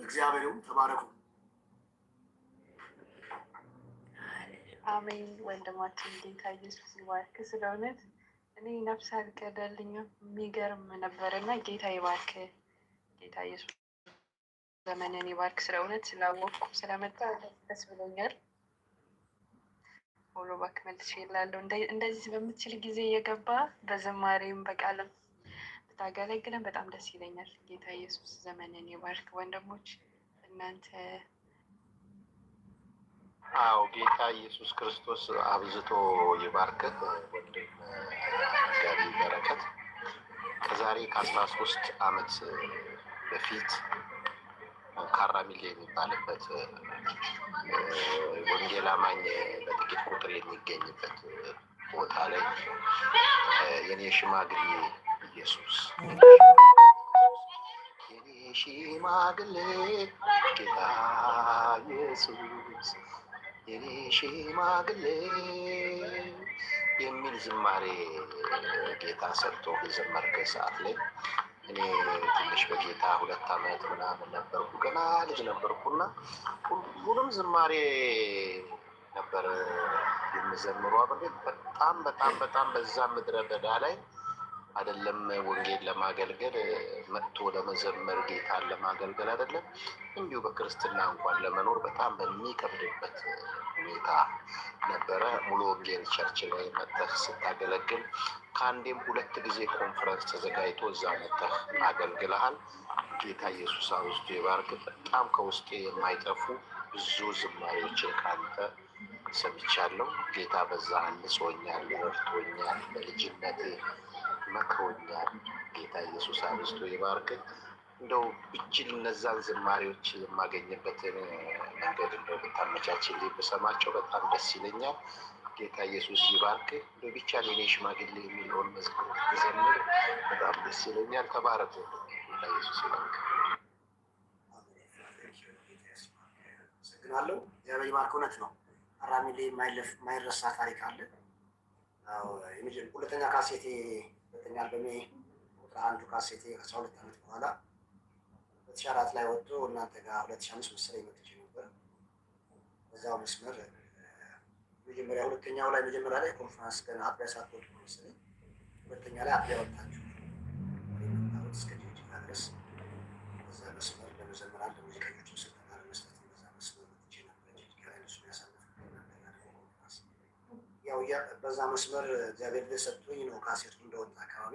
እግዚአብሔርም ተባረኩ። አሜን። ወንድማችን ጌታ ኢየሱስ ይባርክ። ስለ እውነት እኔ ነፍስ አልገደልኝም። የሚገርም ነበር እና ጌታ ይባርክ፣ ጌታ ኢየሱስ ዘመንን ይባርክ። ስለ እውነት ስላወቅኩ ስለመጣ ደስ ብሎኛል። ፎሎ ባክ መልስ ይላለሁ። እንደዚህ በምትችል ጊዜ እየገባ በዝማሬም በቃለም ብታገለግለን በጣም ደስ ይለኛል። ጌታ ኢየሱስ ዘመንን ይባርክ። ወንድሞች እናንተ አው ጌታ ኢየሱስ ክርስቶስ አብዝቶ ይባርክህ ወንድም ከዛሬ ከአስራ ሶስት አመት በፊት ካራ ሚሌ የሚባልበት ወንጌል አማኝ በጥቂት ቁጥር የሚገኝበት ቦታ ላይ የኔ ሽማግሌ ኢየሱስ የኔ ሽማግሌ ጌታ ኢየሱስ የኔ ሽማግሌ የሚል ዝማሬ ጌታ ሰጥቶ በዘመርከኝ ሰዓት ላይ እኔ ትንሽ በጌታ ሁለት ዓመት ምናምን ነበርኩ፣ ገና ልጅ ነበርኩና ሁሉም ዝማሬ ነበር የምዘምሩ። በጣም በጣም በጣም በዛ ምድረ በዳ ላይ አይደለም ወንጌል ለማገልገል መጥቶ ለመዘመር ጌታን ለማገልገል አይደለም፣ እንዲሁ በክርስትና እንኳን ለመኖር በጣም በሚከብድበት ሁኔታ ነበረ። ሙሉ ወንጌል ቸርች ላይ መጥተህ ስታገለግል ከአንዴም ሁለት ጊዜ ኮንፈረንስ ተዘጋጅቶ እዛ መጥተህ አገልግልሃል። ጌታ ኢየሱስ ውስጡ የባርክ። በጣም ከውስጤ የማይጠፉ ብዙ ዝማሬዎችን ካንተ ሰምቻለሁ። ጌታ በዛ አንጾኛል፣ ረድቶኛል በልጅነቴ መክሮኛል። ጌታ ኢየሱስ አብዝቶ ይባርክህ። እንደው እችን እነዛን ዝማሬዎች የማገኝበትን መንገድ እንደው ብታመቻችን ብሰማቸው በጣም ደስ ይለኛል። ጌታ ኢየሱስ ይባርክ። እንደ ብቻ ሌኔ ሽማግሌ የሚለውን መዝሙር ዘምር፣ በጣም ደስ ይለኛል። ተባረክ። ጌታ ኢየሱስ ይባርክ። አመሰግናለሁ። እግዚአብሔር ይባርክ። እውነት ነው። አራሚሌ ላይ የማይረሳ ታሪክ አለ። ሁለተኛ ካሴቴ ሁለተኛ አልበሜ ከአንዱ ካሴቴ ከአስራ ሁለት ዓመት በኋላ ሁለት ሺህ አራት ላይ ወጥቶ እናንተ ጋር ሁለት ሺህ አምስት መሰለኝ መጥቼ ነበር። በዛው መስመር መጀመሪያ ሁለተኛው ላይ መጀመሪያ ላይ ኮንፈረንስ ገና አጥቢያ ሳትወጡ መሰለኝ ሁለተኛ ላይ አጥቢያ ወጣችሁ እስከ ድረስ በዛ መስመር ለመዘመር ያው በዛ መስመር እግዚአብሔር ሰጥቶኝ ነው። ካሴቱ እንደወጣ አካባቢ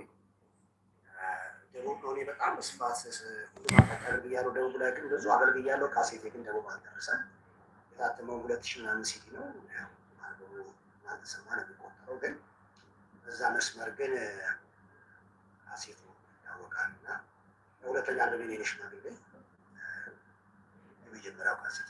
ደቡብ ነው። እኔ በጣም በስፋት ሁሉም አገልግያለሁ። ደቡብ ላይ ግን ብዙ አገልግያለሁ። ካሴቴ ግን ደቡብ አልደረሰ። የታተመው ሁለት ሺህ ምናምን ሲዲ ነው ሰማ ነው የሚቆጠረው። ግን በዛ መስመር ግን ካሴቱ ይታወቃል እና ሁለተኛ ዶሚኔሽን አገልግል የመጀመሪያው ካሴት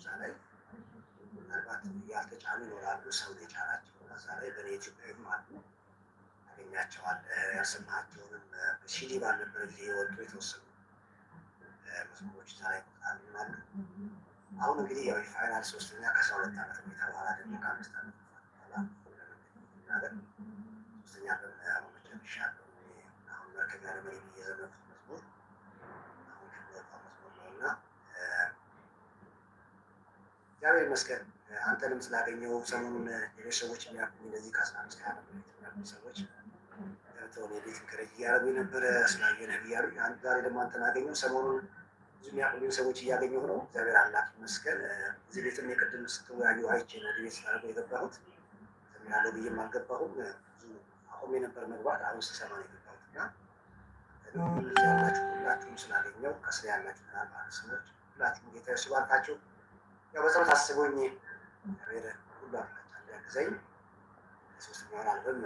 እዛ ላይ ምናልባት ያልተጫኑ ይኖራሉ፣ ሰው የጫናቸው እዛ ላይ በእኔ ኢትዮጵያዊም አሉ ያገኛቸዋል። ያሰማቸውንም ሲዲ ባልነበረ ጊዜ የወጡ የተወሰኑ መዝሙሮች ዛሬ ቁጣሉ አሉ። አሁን እንግዲህ ያው የፋይናል ሶስተኛ ከአስራ ሁለት ዓመት ሁኔታ በኋላ ደግሞ ከአምስት ዓመት በኋላ ሶስተኛ በመመቻ ይሻል እግዚአብሔር ይመስገን አንተንም ስላገኘው ሰሞኑን ሌሎች ሰዎች የሚያውቁኝ እንደዚህ ከአስራ አምስት ሀያ የሚያውቁኝ ሰዎች ተሆነ ቤት ምክር እያረጉ ነበረ ስላየነ እያሉ ዛሬ ደግሞ አንተን አገኘው። ሰሞኑን ብዙ የሚያውቁኝ ሰዎች እያገኘሁ ነው። እግዚአብሔር አምላክ ይመስገን። እዚህ ቤትም የቅድም ስትወያዩ አይቼ ነው ቤት ስላደረጉ የገባሁት ያለው ብዬም አልገባሁም። ብዙ አቁም የነበር መግባት። አሁን ስሰማ ነው የገባሁት እና ሁላችሁም ስላገኘው ከስራ ያላችሁ ምናልባት ሰዎች ሁላችሁም ጌታ እሱ በሰው ታስቦኝ ሶስተኛውን አልበም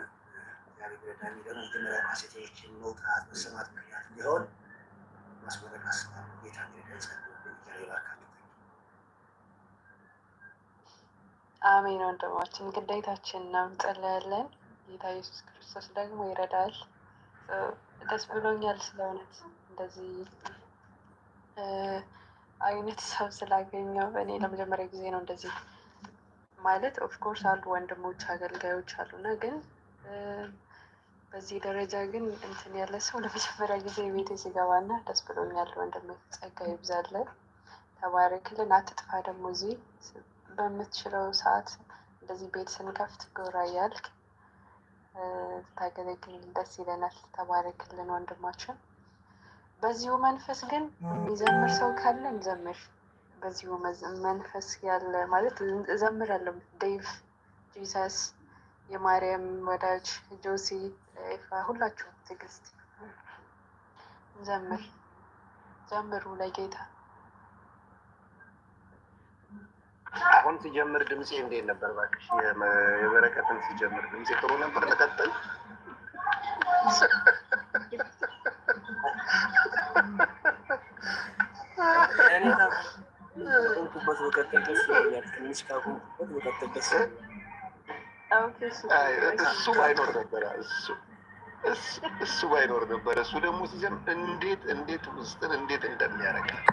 ደግሞ መጀመሪያ መውጣት መሰማት ምክንያት እንዲሆን ማስመረቅ አስባሉ ጌታ አሜን። ወንድማችን ግዴታችን ነው እንጸለያለን። ጌታ ኢየሱስ ክርስቶስ ደግሞ ይረዳል። ደስ ብሎኛል ስለ እውነት እንደዚህ አይነት ሰው ስላገኘው እኔ ለመጀመሪያ ጊዜ ነው እንደዚህ ማለት። ኦፍኮርስ አሉ ወንድሞች አገልጋዮች አሉና፣ ግን በዚህ ደረጃ ግን እንትን ያለ ሰው ለመጀመሪያ ጊዜ ቤቴ ሲገባና ደስ ብሎኛል። ወንድሜ ጸጋ ይብዛለን፣ ተባረክልን፣ አትጥፋ። ደግሞ እዚህ በምትችለው ሰዓት እንደዚህ ቤት ስንከፍት ጎራ እያልክ ታገለግልን፣ ደስ ይለናል። ተባረክልን ወንድማችን በዚሁ መንፈስ ግን የሚዘምር ሰው ካለ እንዘምር። በዚሁ መንፈስ ያለ ማለት እዘምር አለው ዴቭ፣ ጂሰስ፣ የማርያም ወዳጅ ጆሲ፣ ኤፋ፣ ሁላችሁ ትዕግስት ዘምር ዘምሩ ለጌታ። አሁን ሲጀምር ድምፄ እንዴት ነበር? እባክሽ የበረከትን ሲጀምር ድምፄ ጥሩ ነበር። ተቀጥል መቀጠል እሱ ባይኖር ነበረ እሱ ባይኖር ነበረ። እሱ ደግሞ ሲዘም እንዴት እንዴት ውስጥን እንዴት እንደሚያረጋል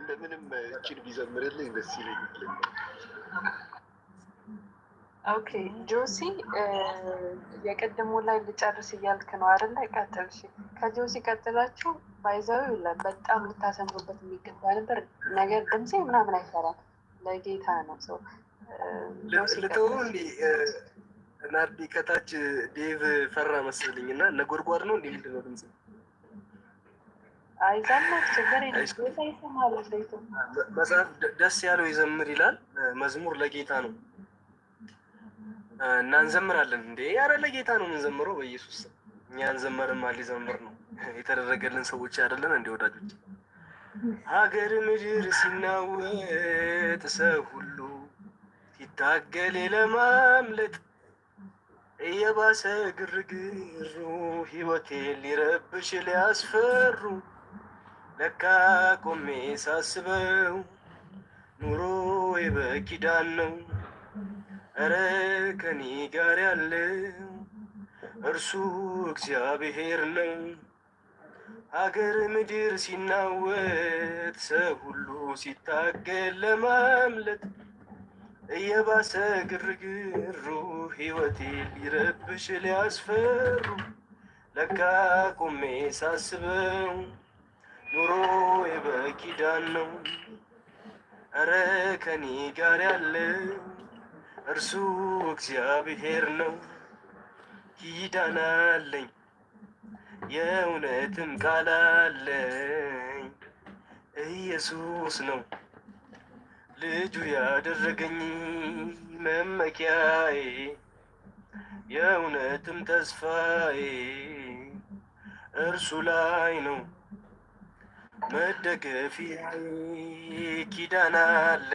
እንደምንም እችን ቢዘምርልኝ ደስ ይለኛል። ኦኬ ጆሲ የቀድሞ ላይ ልጨርስ እያልክ ነው አይደለ? ቀጥል። ከጆሲ ቀጥላችሁ ባይዘው ይላል። በጣም ልታሰምሩበት የሚገባ ነበር። ነገር ድምፄ ምናምን አይሰራም። ለጌታ ነው ሰው ልትሆኑ እንዲ ናርዲ ከታች ዴቭ ፈራ መሰለኝ እና ነጎድጓድ ነው እንዲ ምንድን ነው ድምፅ አይዛመት ችግር መጽሐፍ ደስ ያለው ይዘምር ይላል። መዝሙር ለጌታ ነው እና እንዘምራለን። እንዴ ያረ ለጌታ ነው የምንዘምረው። በኢየሱስ እኛ እንዘመርም ሊዘምር ነው የተደረገልን ሰዎች አይደለን እንደ ወዳጆች ሀገር ምድር ሲናወጥ ሰው ሁሉ ሲታገል ለማምለጥ እየባሰ ግርግሩ ህይወቴ ሊረብሽ ሊያስፈሩ ለካ ቆሜ ሳስበው ኑሮ የበኪዳን ነው እረ ከኔ ጋር ያለ! እርሱ እግዚአብሔር ነው። ሀገር ምድር ሲናወጥ ሰው ሁሉ ሲታገል ለማምለጥ እየባሰ ግርግሩ ሕይወቴ ሊረብሽ ሊያስፈሩ ለካ ቆሜ ሳስበው ኑሮ የበኪዳን ነው። እረ ከኔ ጋር ያለው እርሱ እግዚአብሔር ነው። ኪዳን አለኝ የእውነትም ቃል አለኝ። ኢየሱስ ነው ልጁ ያደረገኝ መመኪያዬ የእውነትም ተስፋዬ እርሱ ላይ ነው መደገፊ ኪዳን አለ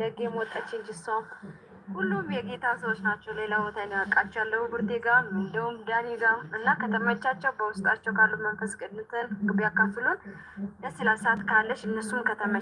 ደግ የሞጠች እንጂ እሷም ሁሉም የጌታ ሰዎች ናቸው። ሌላ ቦታ ነው ያውቃቸዋለሁ። ብርቴ ጋም እንደውም ዳኒ ጋም እና ከተመቻቸው በውስጣቸው ካሉ መንፈስ ቅዱስን ቢያካፍሉን ደስ ይላል። ሰዓት ካለሽ እነሱም ከተመ